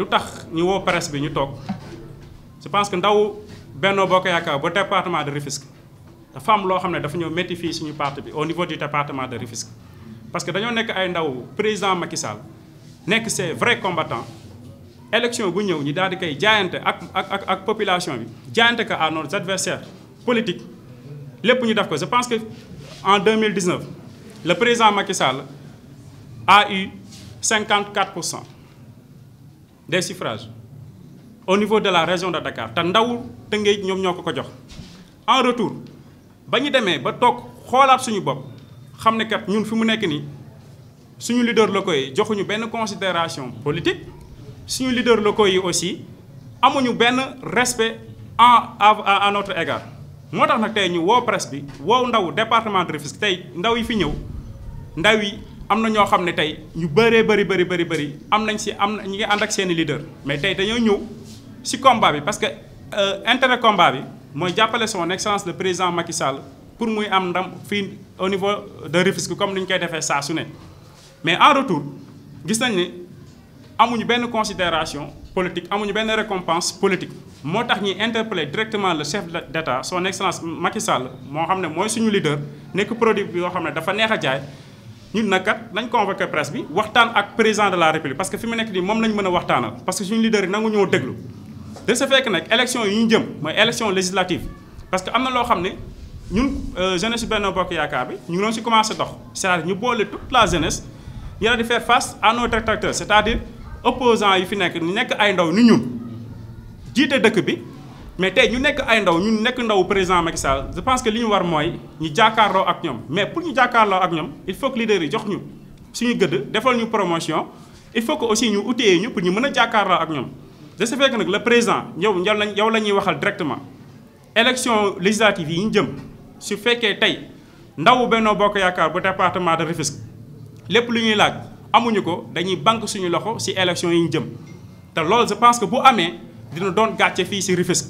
lu ñu woo presse bi ñu toog je pense que ndaw Benno Bokk Yaakaar ba département de rifisque dafa am loo xam ne dafa ñëw métti fii suñu parti bi au niveau du département de rifisque parce que dañoo nekk ay ndaw président Macky Sall nekk est vrai combattant, élection bu ñëw ñu daal di koy jaayante ak ak ak population bi jaayante ko à nos adversaires politiques ñu ko je pense que en 2019 le président Macky Sall a eu 54 des suffrages au niveau de la région de Dakar te ndaw Tëngéej ñoom ñoo ko ko jox en retour ba ñu demee ba toog xoolaat suñu bopp xam kat ñun fi mu nekk suñu leader locaux yi joxuñu benn considération politique suñu leader locaux aussi amuñu ben respect en à notre égard Motax nak tay ñu wo presse bi wo ndaw département de Rufisque tay ndaw yi fi ñew, ndaw yi am na ñoo xam ne tey ñu bëree bëri bëri bëri bëri am nañ si am ñu ngi ànd ak seeni leader mais tey dañoo ñëw si combat bi parce que euh, intérêt combat bi mooy jàppale son excellence le président Macky Sall pour muy am ndam fii au niveau de Rufisque comme ni ñu koy defee saa su ne mais en retour gis nañ ne amuñu benn considération politique amuñu benn récompense politique moo tax ñuy interpeller directement le chef d'État son excellence Macky Sall moo xam ne mooy suñu leader nekk produit bi yoo xam ne dafa neex a jaay ñun nag kat nañ convoqué presse bi waxtaan ak président de la république parce que fi mu nekk nii moom lañ mën a waxtaanal parce que suñu leader yi nangu ñoo déglu de ce fait que nag élection yi ñu jëm mooy élection législative parce que am na loo xam ne ñun euh, jeunesse Benno Bokk Yaakaar bi ñu ngi doon si commencé dox c'est-à-dire ñu boole toute la jeunesse yéen di faire face à nos détracteurs c'est-à-dire opposants yi fi nekk nekk ay ndaw ni ñun jiite dëkk bi mais tay ñu nek ay ndaw président je pense que li war moy ñu jàkkaarloo ak mais pour ñu jàkkaarloo ak il faut que nous yi jox ñu suñu ñu promotion il faut que aussi ñu outé ñu pour ñu mëna ak que le président ñal lañ yow directement élection législative yi ñu jëm su féké tay ndaw Benno Bokk dans bu département de Rufisque lépp lu ñuy laaj amuñu ko dañuy banque suñu loxo ci élection yi ñu jëm je pense que bu amé dina doon gatché fi ci Rufisque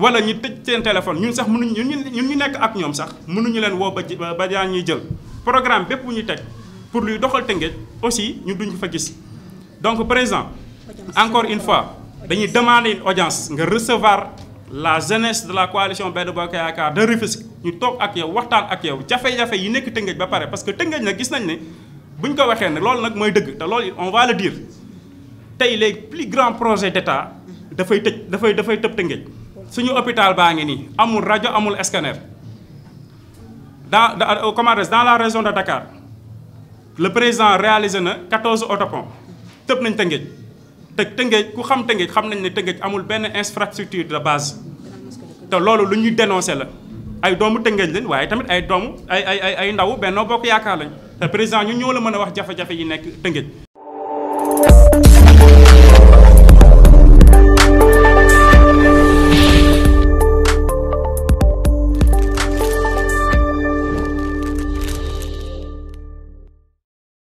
wala ñu tëj seen téléphone ñun sax mënuñ ñun ñun ñu nekk ak ñoom sax mënuñu leen woo ba ba yaa ñuy jël programme bépp bu ñu teg pour luy doxal Tëngéej aussi ñu duñ fa gis donc par exemple encore une fois dañuy demander une audience nga recevoir la jeunesse de la coalition Benno Bokk Yaakaar de Rufisque ñu toog ak yow waxtaan ak yow jafe-jafe yi nekk Tëngéej ba pare parce que Tëngéej nag gis nañ ne buñ ko waxee ne loolu nag mooy dëgg te loolu on va le dire tey les plus grands projets d'État dafay tëj dafay dafay tëb Tëngéej suñu hôpital baa ngi nii amul rajo amul scanner dans comment dire dans la région de Dakar le président réalisé na 14 autopont tëb nañ Tëngéej te Tëngéej ku xam Tëngéej xam nañ ne Tëngéej amul benn infrastructure de base te loolu lu ñuy dénoncé la ay doomu Tëngéej lañ waaye tamit ay doomu ay ay ay ndaw Benno Bokk Yaakaar lañ te président ñu ñoo la mën a wax jafe-jafe yi nekk Tëngéej